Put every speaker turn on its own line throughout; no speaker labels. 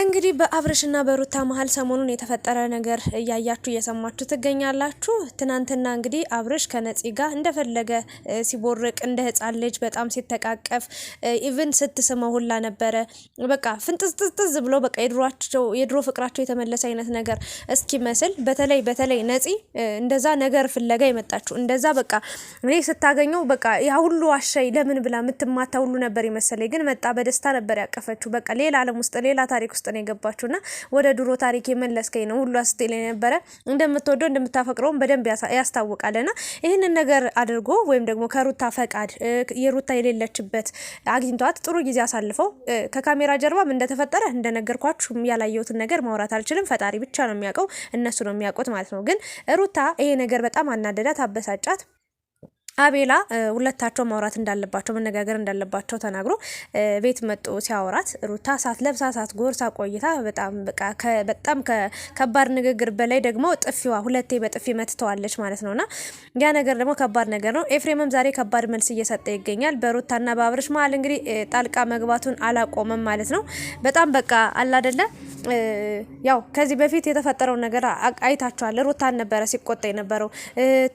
እንግዲህ በአብርሽና በሩታ መሀል ሰሞኑን የተፈጠረ ነገር እያያችሁ እየሰማችሁ ትገኛላችሁ። ትናንትና እንግዲህ አብርሽ ከነፂ ጋር እንደፈለገ ሲቦርቅ እንደ ልጅ በጣም ሲተቃቀፍ ኢቭን ስትስመው ሁላ ነበረ። በቃ ፍንጥዝጥዝጥዝ ብሎ በቃ የድሮ ፍቅራቸው የተመለሰ አይነት ነገር እስኪመስል በተለይ በተለይ ነፂ እንደዛ ነገር ፍለጋ የመጣችሁ እንደዛ በቃ እኔ ስታገኘው በቃ ያ ሁሉ አሻይ ለምን ብላ የምትማታ ሁሉ ነበር የመሰለኝ። ግን መጣ በደስታ ነበር ያቀፈችው። በቃ ሌላ ዓለም ውስጥ ሌላ ታሪክ ውስጥ ነው የገባችሁና ወደ ድሮ ታሪክ የመለስከኝ ነው ሁሉ ስትል የነበረ እንደምትወደው እንደምታፈቅረውም በደንብ ያስታውቃልና ይህንን ነገር አድርጎ ወይም ደግሞ ከሩታ ፈቃድ የሩታ የሌለችበት አግኝቷት ጥሩ ጊዜ አሳልፈው ከካሜራ ጀርባም እንደተፈጠረ እንደነገርኳችሁ ያላየሁትን ነገር ማውራት አልችልም። ፈጣሪ ብቻ ነው የሚያውቀው፣ እነሱ ነው የሚያውቁት ማለት ነው። ግን ሩታ ይሄ ነገር በጣም አናደዳት፣ አበሳጫት። አቤላ ሁለታቸው ማውራት እንዳለባቸው መነጋገር እንዳለባቸው ተናግሮ ቤት መጦ ሲያወራት ሩታ ሳት ለብሳ ሳት ጎርሳ ቆይታ በጣም በቃ በጣም ከባድ ንግግር በላይ ደግሞ ጥፊዋ ሁለቴ በጥፊ መትተዋለች ማለት ነውና ያ ነገር ደግሞ ከባድ ነገር ነው። ኤፍሬምም ዛሬ ከባድ መልስ እየሰጠ ይገኛል። በሩታና በአብርሽ መሀል እንግዲህ ጣልቃ መግባቱን አላቆመም ማለት ነው። በጣም በቃ አላደለ ያው ከዚህ በፊት የተፈጠረውን ነገር አይታችኋል። ሩታን ነበረ ሲቆጣ የነበረው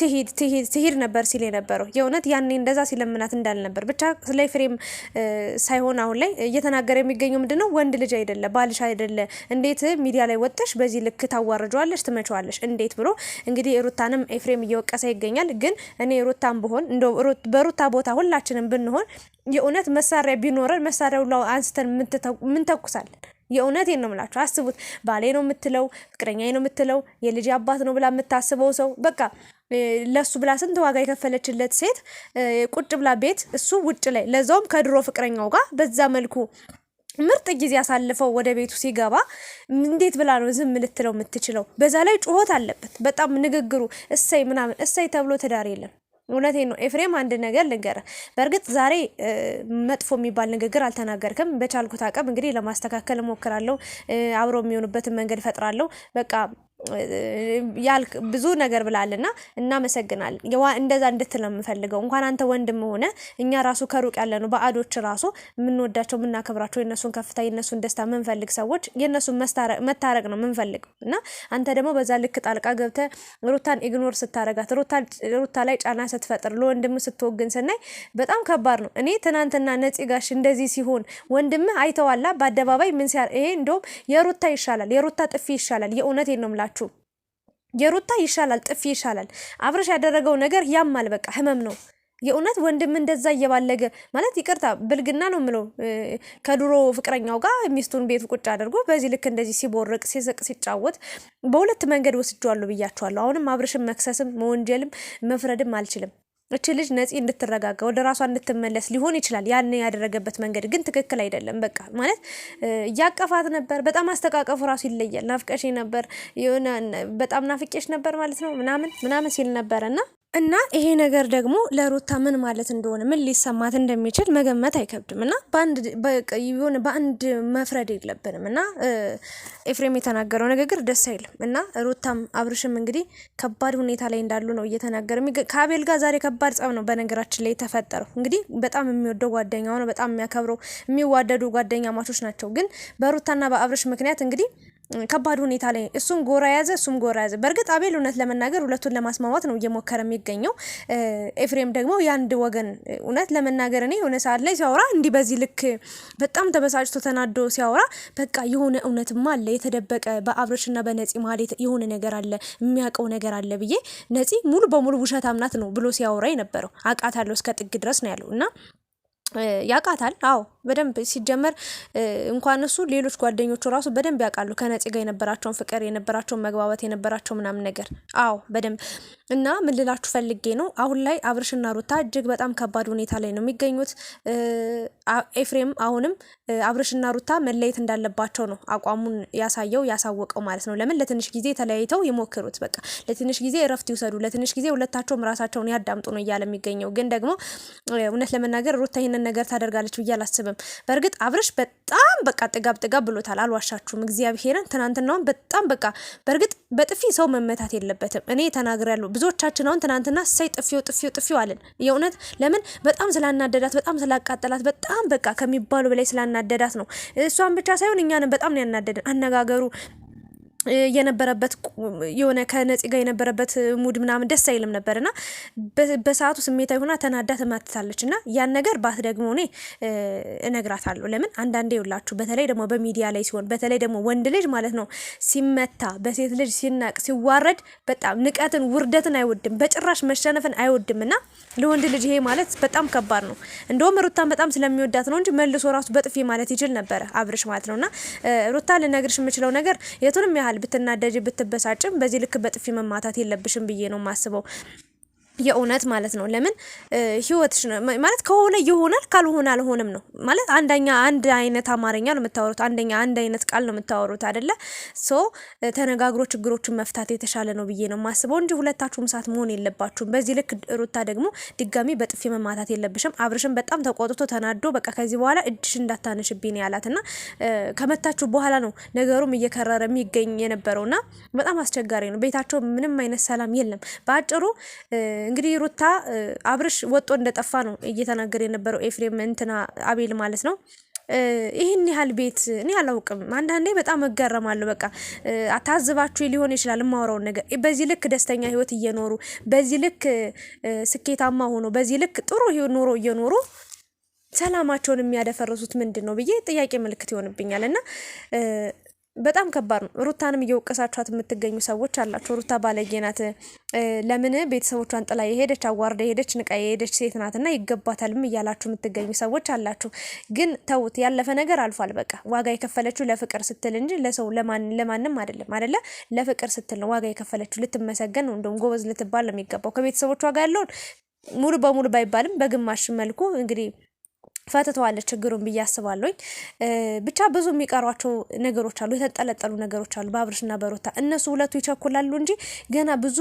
ትሂድ ትሂድ ትሂድ ነበር ሲል ነበር ነበረው። የእውነት ያኔ እንደዛ ሲለምናት እንዳልነበር ብቻ ስለ ኤፍሬም ሳይሆን አሁን ላይ እየተናገረ የሚገኘው ምንድነው ነው? ወንድ ልጅ አይደለ ባልሽ አይደለ እንዴት ሚዲያ ላይ ወጥተሽ በዚህ ልክ ታዋርጇለሽ፣ ትመቸዋለሽ እንዴት ብሎ እንግዲህ ሩታንም ኤፍሬም እየወቀሰ ይገኛል። ግን እኔ ሩታን ብሆን በሩታ ቦታ ሁላችንም ብንሆን የእውነት መሳሪያ ቢኖረን መሳሪያ ላ አንስተን ምን ተኩሳለን? የእውነት ነው የምላችሁ። አስቡት፣ ባሌ ነው የምትለው፣ ፍቅረኛ ነው የምትለው፣ የልጅ አባት ነው ብላ የምታስበው ሰው በቃ ለሱ ብላ ስንት ዋጋ የከፈለችለት ሴት ቁጭ ብላ ቤት እሱ ውጭ ላይ ለዛውም ከድሮ ፍቅረኛው ጋር በዛ መልኩ ምርጥ ጊዜ አሳልፈው ወደ ቤቱ ሲገባ እንዴት ብላ ነው ዝም ልትለው የምትችለው? በዛ ላይ ጩኸት አለበት በጣም ንግግሩ እሰይ ምናምን እሰይ ተብሎ ትዳር የለም። እውነቴ ነው ኤፍሬም፣ አንድ ነገር ልንገርህ። በእርግጥ ዛሬ መጥፎ የሚባል ንግግር አልተናገርክም። በቻልኩት አቅም እንግዲህ ለማስተካከል እሞክራለሁ። አብሮ የሚሆኑበትን መንገድ እፈጥራለሁ። በቃ ያልክ ብዙ ነገር ብላልና እናመሰግናለን። የዋ እንደዛ እንድትል ነው የምፈልገው። እንኳን አንተ ወንድም ሆነ እኛ ራሱ ከሩቅ ያለ ነው በአዶች ራሱ የምንወዳቸው የምናከብራቸው የነሱን ከፍታ የነሱን ደስታ የምንፈልግ ሰዎች የእነሱን መታረቅ ነው የምንፈልግ እና አንተ ደግሞ በዛ ልክ ጣልቃ ገብተ ሩታን ኢግኖር ስታረጋት ሩታ ላይ ጫና ስትፈጥር ለወንድም ስትወግን ስናይ በጣም ከባድ ነው። እኔ ትናንትና ነፂ ጋሽ እንደዚህ ሲሆን ወንድም አይተዋላ በአደባባይ ምን ሲያ ይሄ እንደውም የሩታ ይሻላል፣ የሩታ ጥፊ ይሻላል። የእውነት ነው ምላቸው አልነግራችሁም። የሩታ ይሻላል፣ ጥፊ ይሻላል። አብርሽ ያደረገው ነገር ያም በቃ ህመም ነው። የእውነት ወንድም እንደዛ እየባለገ ማለት ይቅርታ ብልግና ነው የምለው ከድሮ ፍቅረኛው ጋር ሚስቱን ቤት ቁጭ አድርጎ በዚህ ልክ እንደዚህ ሲቦርቅ ሲስቅ ሲጫወት በሁለት መንገድ ወስጇዋለሁ ብያቸዋለሁ። አሁንም አብርሽም መክሰስም መወንጀልም መፍረድም አልችልም። እች ልጅ ነፂ እንድትረጋጋ ወደ ራሷ እንድትመለስ ሊሆን ይችላል። ያን ያደረገበት መንገድ ግን ትክክል አይደለም። በቃ ማለት እያቀፋት ነበር። በጣም አስተቃቀፉ ራሱ ይለያል። ናፍቀሽ ነበር የሆነ በጣም ናፍቄሽ ነበር ማለት ነው ምናምን ምናምን ሲል ነበር እና እና ይሄ ነገር ደግሞ ለሩታ ምን ማለት እንደሆነ ምን ሊሰማት እንደሚችል መገመት አይከብድም። እና ሆነ በአንድ መፍረድ የለብንም። እና ኤፍሬም የተናገረው ንግግር ደስ አይልም። እና ሩታም አብርሽም እንግዲህ ከባድ ሁኔታ ላይ እንዳሉ ነው እየተናገረ። ከአቤል ጋር ዛሬ ከባድ ጸብ ነው በነገራችን ላይ የተፈጠረው። እንግዲህ በጣም የሚወደው ጓደኛው ነው፣ በጣም የሚያከብረው የሚዋደዱ ጓደኛ ማቾች ናቸው። ግን በሩታና በአብርሽ ምክንያት እንግዲህ ከባድ ሁኔታ ላይ እሱም ጎራ ያዘ፣ እሱም ጎራ ያዘ። በእርግጥ አቤል እውነት ለመናገር ሁለቱን ለማስማማት ነው እየሞከረ የሚገኘው። ኤፍሬም ደግሞ የአንድ ወገን እውነት ለመናገር እኔ የሆነ ሰዓት ላይ ሲያወራ እንዲህ በዚህ ልክ በጣም ተበሳጭቶ ተናዶ ሲያወራ በቃ የሆነ እውነትማ አለ የተደበቀ በአብርሽና በነፂ መሀል የሆነ ነገር አለ የሚያውቀው ነገር አለ ብዬ ነፂ ሙሉ በሙሉ ውሸታም ናት ነው ብሎ ሲያወራ የነበረው አቃታለሁ እስከ ጥግ ድረስ ነው ያለው እና ያውቃታል። አዎ በደንብ ሲጀመር እንኳን እሱ ሌሎች ጓደኞቹ ራሱ በደንብ ያውቃሉ ከነፂ ጋር የነበራቸውን ፍቅር፣ የነበራቸውን መግባባት፣ የነበራቸው ምናምን ነገር። አዎ በደንብ እና ምን ልላችሁ ፈልጌ ነው፣ አሁን ላይ አብርሽና ሩታ እጅግ በጣም ከባድ ሁኔታ ላይ ነው የሚገኙት። ኤፍሬም አሁንም አብርሽና ሩታ መለየት እንዳለባቸው ነው አቋሙን ያሳየው ያሳወቀው ማለት ነው። ለምን ለትንሽ ጊዜ ተለያይተው ይሞክሩት፣ በቃ ለትንሽ ጊዜ እረፍት ይውሰዱ፣ ለትንሽ ጊዜ ሁለታቸውም ራሳቸውን ያዳምጡ ነው እያለ የሚገኘው። ግን ደግሞ እውነት ለመናገር ሩታ ይህንን ያንን ነገር ታደርጋለች ብዬ አላስብም። በእርግጥ አብረሽ በጣም በቃ ጥጋብ ጥጋብ ብሎታል፣ አልዋሻችሁም። እግዚአብሔርን ትናንትናውን በጣም በቃ በእርግጥ በጥፊ ሰው መመታት የለበትም። እኔ ተናግሬያለሁ። ብዙዎቻችን አሁን ትናንትና ሳይ ጥፊው ጥፊው ጥፊው አለን። የእውነት ለምን በጣም ስላናደዳት፣ በጣም ስላቃጠላት፣ በጣም በቃ ከሚባሉ በላይ ስላናደዳት ነው። እሷን ብቻ ሳይሆን እኛንም በጣም ነው ያናደደን አነጋገሩ የነበረበት የሆነ ከነፂ ጋር የነበረበት ሙድ ምናምን ደስ አይልም ነበር እና በሰዓቱ ስሜታዊ ሆና ተናዳ ተማትታለች። እና ያን ነገር ባት ደግሞ እኔ እነግራታለሁ። ለምን አንዳንዴ ይውላችሁ በተለይ ደግሞ በሚዲያ ላይ ሲሆን በተለይ ደግሞ ወንድ ልጅ ማለት ነው ሲመታ፣ በሴት ልጅ ሲናቅ፣ ሲዋረድ በጣም ንቀትን ውርደትን አይወድም በጭራሽ መሸነፍን አይወድም እና ለወንድ ልጅ ይሄ ማለት በጣም ከባድ ነው። እንደውም ሩታን በጣም ስለሚወዳት ነው እንጂ መልሶ ራሱ በጥፊ ማለት ይችል ነበረ አብርሽ ማለት ነው እና ሩታ ልነግርሽ የምችለው ነገር የቱንም ያህል ብትናደጅ ብትበሳጭም በዚህ ልክ በጥፊ መማታት የለብሽም ብዬ ነው ማስበው። የእውነት ማለት ነው። ለምን ህይወትሽ ማለት ከሆነ ይሆናል፣ ካልሆነ አልሆንም ነው ማለት። አንደኛ አንድ አይነት አማርኛ ነው የምታወሩት፣ አንደኛ አንድ አይነት ቃል ነው የምታወሩት አይደለ? ሶ ተነጋግሮ ችግሮችን መፍታት የተሻለ ነው ብዬ ነው ማስበው እንጂ ሁለታችሁም ሰዓት መሆን የለባችሁም። በዚህ ልክ ሩታ ደግሞ ድጋሚ በጥፊ መማታት የለብሽም። አብርሽም በጣም ተቆጥቶ ተናዶ በቃ ከዚህ በኋላ እጅሽ እንዳታነሽብኝ ያላት እና ከመታችሁ በኋላ ነው ነገሩም እየከረረ የሚገኝ የነበረውና በጣም አስቸጋሪ ነው። ቤታቸው ምንም አይነት ሰላም የለም በአጭሩ እንግዲህ ሩታ አብርሽ ወጦ እንደጠፋ ነው እየተናገረ የነበረው ኤፍሬም እንትና አቤል ማለት ነው። ይህን ያህል ቤት እኔ አላውቅም። አንዳንዴ በጣም እገረማለሁ። በቃ አታዝባችሁ ሊሆን ይችላል የማወራውን ነገር። በዚህ ልክ ደስተኛ ህይወት እየኖሩ በዚህ ልክ ስኬታማ ሆኖ በዚህ ልክ ጥሩ ኑሮ እየኖሩ ሰላማቸውን የሚያደፈረሱት ምንድን ነው ብዬ ጥያቄ ምልክት ይሆንብኛል እና በጣም ከባድ ነው። ሩታንም እየወቀሳችኋት የምትገኙ ሰዎች አላቸው። ሩታ ባለጌ ናት፣ ለምን ቤተሰቦቿን ጥላ የሄደች አዋርዳ የሄደች ንቃ የሄደች ሴት ናትና ይገባታልም እያላችሁ የምትገኙ ሰዎች አላችሁ። ግን ተውት፣ ያለፈ ነገር አልፏል። በቃ ዋጋ የከፈለችው ለፍቅር ስትል እንጂ ለሰው ለማንም አይደለም። አደለ? ለፍቅር ስትል ነው ዋጋ የከፈለችው። ልትመሰገን ነው፣ እንደውም ጎበዝ ልትባል ነው የሚገባው። ከቤተሰቦቿ ጋር ያለውን ሙሉ በሙሉ ባይባልም በግማሽ መልኩ እንግዲህ ፈትተዋለች ችግሩን ብዬ አስባለሁኝ። ብቻ ብዙ የሚቀሯቸው ነገሮች አሉ፣ የተንጠለጠሉ ነገሮች አሉ በአብርሽና በሩታ እነሱ ሁለቱ ይቸኩላሉ እንጂ ገና ብዙ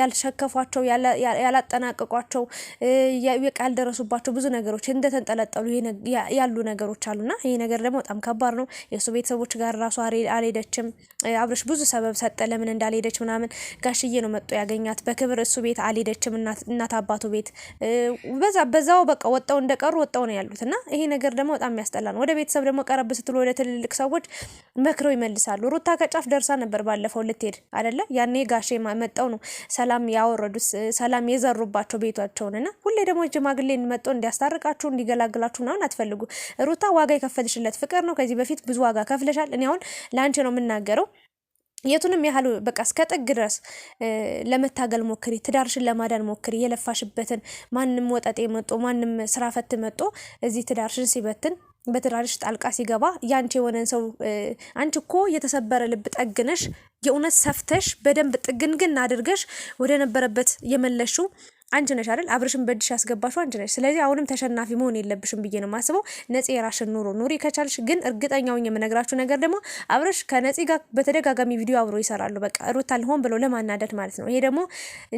ያልሸከፏቸው ያላጠናቀቋቸው ያልደረሱባቸው ብዙ ነገሮች እንደተንጠለጠሉ ያሉ ነገሮች አሉና ይህ ነገር ደግሞ በጣም ከባድ ነው። የእሱ ቤተሰቦች ጋር ራሱ አልሄደችም። አብርሽ ብዙ ሰበብ ሰጠ ለምን እንዳልሄደች ምናምን። ጋሽዬ ነው መጡ ያገኛት በክብር እሱ ቤት አልሄደችም፣ እናት አባቱ ቤት በዛ በዛው በቃ ወጣው እንደቀሩ ወጣው ነው ያሉ ያሉት እና ይሄ ነገር ደግሞ በጣም የሚያስጠላ ነው። ወደ ቤተሰብ ደግሞ ቀረብ ስትሉ ወደ ትልልቅ ሰዎች መክረው ይመልሳሉ። ሩታ ከጫፍ ደርሳ ነበር ባለፈው ልትሄድ አደለ? ያኔ ጋሼ መጠው ነው ሰላም ያወረዱት ሰላም የዘሩባቸው ቤቷቸውን እና ሁሌ ደግሞ ጅማግሌ መጠው እንዲያስታርቃችሁ እንዲገላግላችሁ ምናምን አትፈልጉ። ሩታ ዋጋ የከፈልሽለት ፍቅር ነው። ከዚህ በፊት ብዙ ዋጋ ከፍለሻል። እኔ አሁን ለአንቺ ነው የምናገረው የቱንም ያህል በቃ እስከ ጥግ ድረስ ለመታገል ሞክሪ፣ ትዳርሽን ለማዳን ሞክሪ። የለፋሽበትን ማንም ወጠጤ መጦ ማንም ስራ ፈት መጦ እዚህ ትዳርሽን ሲበትን በትዳርሽ ጣልቃ ሲገባ ያንቺ የሆነን ሰው አንቺ እኮ የተሰበረ ልብ ጠግነሽ የእውነት ሰፍተሽ በደንብ ጥግንግን አድርገሽ ወደ ነበረበት የመለሹ አንቺ ነሽ አይደል? አብርሽን በእጅሽ ያስገባሽው አንቺ ነሽ። ስለዚህ አሁንም ተሸናፊ መሆን የለብሽም ብዬ ነው የማስበው። ነፂ የራሽን ኑሮ ኑሪ ከቻልሽ። ግን እርግጠኛውን የምነግራችሁ ነገር ደግሞ አብርሽ ከነፂ ጋር በተደጋጋሚ ቪዲዮ አብሮ ይሰራሉ። በቃ ሩታን ሆን ብሎ ለማናደድ ማለት ነው። ይሄ ደግሞ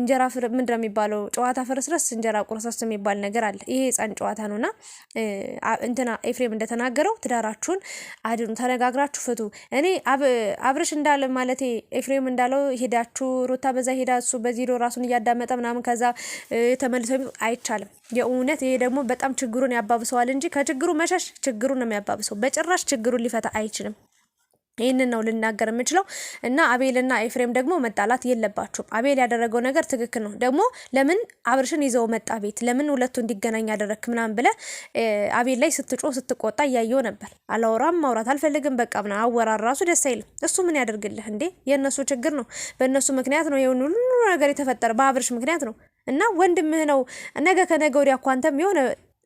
እንጀራ ምንድን ነው የሚባለው? ጨዋታ ፍርስረስ እንጀራ ቁርሰስ የሚባል ነገር አለ። ይሄ ህፃን ጨዋታ ነውና እንትና ኤፍሬም እንደተናገረው ትዳራችሁን አድኑ፣ ተነጋግራችሁ ፍቱ። እኔ አብርሽ እንዳለ ማለት ኤፍሬም እንዳለው ሄዳችሁ ሩታ በዛ ሄዳ እሱ በዚህ ራሱን እያዳመጠ ምናምን ከዛ ተመልሶ አይቻልም። የእውነት ይሄ ደግሞ በጣም ችግሩን ያባብሰዋል እንጂ ከችግሩ መሸሽ ችግሩን ነው የሚያባብሰው። በጭራሽ ችግሩን ሊፈታ አይችልም። ይህንን ነው ልናገር የምችለው እና አቤልና ኤፍሬም ደግሞ መጣላት የለባቸውም። አቤል ያደረገው ነገር ትክክል ነው። ደግሞ ለምን አብርሽን ይዘው መጣ ቤት ለምን ሁለቱ እንዲገናኝ ያደረግክ ምናምን ብለ አቤል ላይ ስትጮ ስትቆጣ እያየው ነበር። አላወራም፣ ማውራት አልፈልግም፣ በቃ ምና አወራር ራሱ ደስ አይልም። እሱ ምን ያደርግልህ እንዴ? የእነሱ ችግር ነው። በእነሱ ምክንያት ነው ይሁን ሁሉ ነገር የተፈጠረ፣ በአብርሽ ምክንያት ነው። እና ወንድምህ ነው። ነገ ከነገ ወዲያ እኮ አንተም የሆነ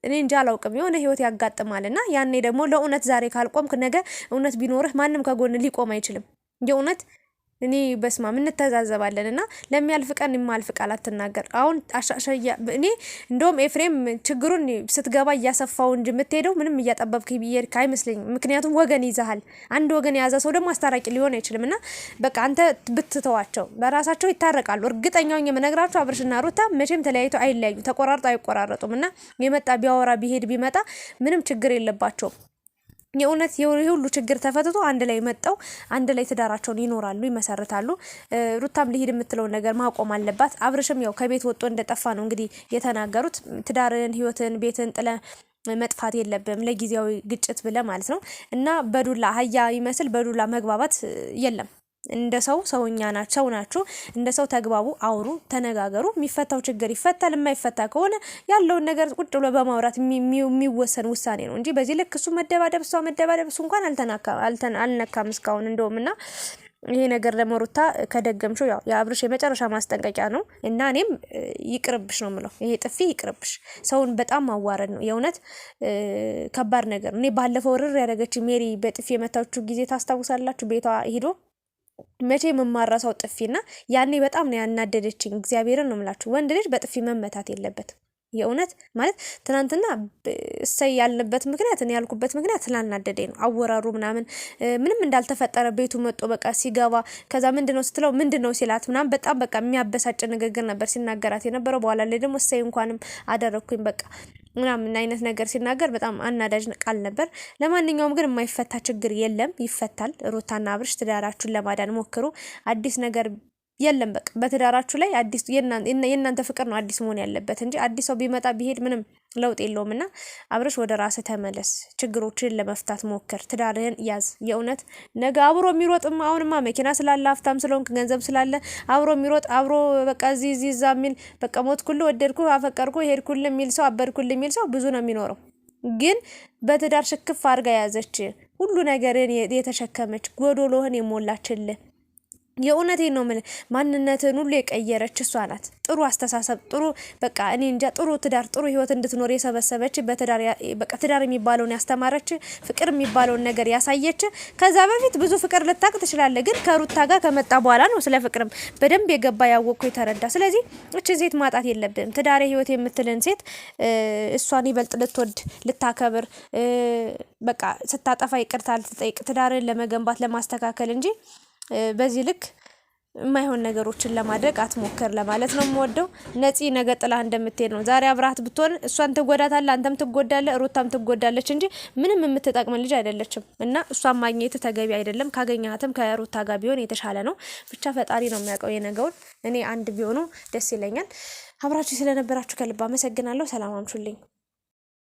እኔ እንጃ አላውቅም የሆነ ህይወት ያጋጥማል እና ያኔ ደግሞ ለእውነት ዛሬ ካልቆምክ ነገ እውነት ቢኖርህ ማንም ከጎን ሊቆም አይችልም የእውነት እኔ በስማም እንተዛዘባለን እና ለሚያልፍ ቀን የማልፍ ቃል አትናገር። አሁን አሻሻያ እኔ እንደውም ኤፍሬም ችግሩን ስትገባ እያሰፋው እንጂ የምትሄደው ምንም እያጠበብክ ብየድክ አይመስለኝም። ምክንያቱም ወገን ይዘሃል። አንድ ወገን የያዘ ሰው ደግሞ አስታራቂ ሊሆን አይችልም። እና በቃ አንተ ብትተዋቸው በራሳቸው ይታረቃሉ። እርግጠኛውን የምነግራቸው አብርሽና ሩታ መቼም ተለያይቶ አይለያዩ፣ ተቆራርጦ አይቆራረጡም። እና የመጣ ቢያወራ ቢሄድ ቢመጣ ምንም ችግር የለባቸውም። የእውነት የሁሉ ችግር ተፈትቶ አንድ ላይ መጠው አንድ ላይ ትዳራቸውን ይኖራሉ፣ ይመሰርታሉ። ሩታም ሊሄድ የምትለውን ነገር ማቆም አለባት። አብርሽም ያው ከቤት ወጥቶ እንደጠፋ ነው እንግዲህ የተናገሩት። ትዳርን፣ ህይወትን፣ ቤትን ጥለ መጥፋት የለብም ለጊዜያዊ ግጭት ብለ ማለት ነው እና በዱላ አህያ ይመስል በዱላ መግባባት የለም። እንደ ሰው ሰውኛ ናችሁ፣ ሰው ናችሁ። እንደ ሰው ተግባቡ፣ አውሩ፣ ተነጋገሩ። የሚፈታው ችግር ይፈታል። የማይፈታ ከሆነ ያለውን ነገር ቁጭ ብሎ በማውራት የሚወሰን ውሳኔ ነው እንጂ በዚህ ልክ እሱ መደባደብ፣ እሷ መደባደብ፣ እሱ እንኳን አልነካም እስካሁን እንደውም እና ይሄ ነገር ደግሞ ሩታ ከደገምሽው ያው የአብርሽ የመጨረሻ ማስጠንቀቂያ ነው እና እኔም ይቅርብሽ ነው የምለው። ይሄ ጥፊ ይቅርብሽ። ሰውን በጣም ማዋረድ ነው የእውነት ከባድ ነገር። እኔ ባለፈው ርር ያደረገች ሜሪ በጥፊ የመታችሁ ጊዜ ታስታውሳላችሁ። ቤቷ ሂዶ መቼ የምማረሰው ጥፊና ያኔ በጣም ነው ያናደደችኝ። እግዚአብሔርን ነው የምላችሁ፣ ወንድ ልጅ በጥፊ መመታት የለበትም። የእውነት ማለት ትናንትና እሰይ ያልንበት ምክንያት እኔ ያልኩበት ምክንያት ስላናደደኝ ነው። አወራሩ ምናምን ምንም እንዳልተፈጠረ ቤቱ መጦ በቃ ሲገባ ከዛ ምንድን ነው ስትለው ምንድን ነው ሲላት ምናምን በጣም በቃ የሚያበሳጭ ንግግር ነበር ሲናገራት የነበረው። በኋላ ላይ ደግሞ እሰይ እንኳንም አደረግኩኝ በቃ ምናምን አይነት ነገር ሲናገር በጣም አናዳጅ ቃል ነበር። ለማንኛውም ግን የማይፈታ ችግር የለም፣ ይፈታል። ሩታና አብርሽ ትዳራችሁን ለማዳን ሞክሩ። አዲስ ነገር የለም በቃ በትዳራችሁ ላይ አዲስ የእናንተ ፍቅር ነው አዲስ መሆን ያለበት እንጂ አዲስ ሰው ቢመጣ ቢሄድ ምንም ለውጥ የለውም። እና አብረሽ ወደ ራስ ተመለስ፣ ችግሮችን ለመፍታት ሞክር፣ ትዳርህን ያዝ። የእውነት ነገ አብሮ የሚሮጥም አሁንማ መኪና ስላለ ሀብታም ስለሆንክ ገንዘብ ስላለ አብሮ የሚሮጥ አብሮ በቃ እዚህ እዚህ እዛ የሚል በቃ ሞትኩልህ፣ ወደድኩህ፣ አፈቀርኩ፣ ሄድኩልህ የሚል ሰው አበድኩልህ የሚል ሰው ብዙ ነው የሚኖረው። ግን በትዳር ሽክፍ አድርጋ ያዘች ሁሉ ነገርን የተሸከመች ጎዶሎህን የሞላችልህ የእውነቴን ነው የምልህ። ማንነትን ሁሉ የቀየረች እሷ ናት። ጥሩ አስተሳሰብ፣ ጥሩ በቃ እኔ እንጃ፣ ጥሩ ትዳር፣ ጥሩ ህይወት እንድትኖር የሰበሰበች በቃ ትዳር የሚባለውን ያስተማረች፣ ፍቅር የሚባለውን ነገር ያሳየች። ከዛ በፊት ብዙ ፍቅር ልታቅ ትችላለ ግን ከሩታ ጋር ከመጣ በኋላ ነው ስለ ፍቅርም በደንብ የገባ ያወቅኩ የተረዳ። ስለዚህ እች ሴት ማጣት የለብንም። ትዳሬ ህይወት የምትልን ሴት እሷን ይበልጥ ልትወድ ልታከብር፣ በቃ ስታጠፋ ይቅርታ ልትጠይቅ ትዳርን ለመገንባት ለማስተካከል እንጂ በዚህ ልክ የማይሆን ነገሮችን ለማድረግ አትሞክር ለማለት ነው የምወደው። ነፂ ነገ ጥላ እንደምትሄድ ነው። ዛሬ አብርሃት ብትሆን እሷን ትጎዳታለ አንተም ትጎዳለ ሩታም ትጎዳለች እንጂ ምንም የምትጠቅም ልጅ አይደለችም። እና እሷን ማግኘት ተገቢ አይደለም። ካገኛትም ከሩታ ጋር ቢሆን የተሻለ ነው። ብቻ ፈጣሪ ነው የሚያውቀው የነገውን። እኔ አንድ ቢሆኑ ደስ ይለኛል። አብራችሁ ስለነበራችሁ ከልብ አመሰግናለሁ። ሰላም አምቹልኝ።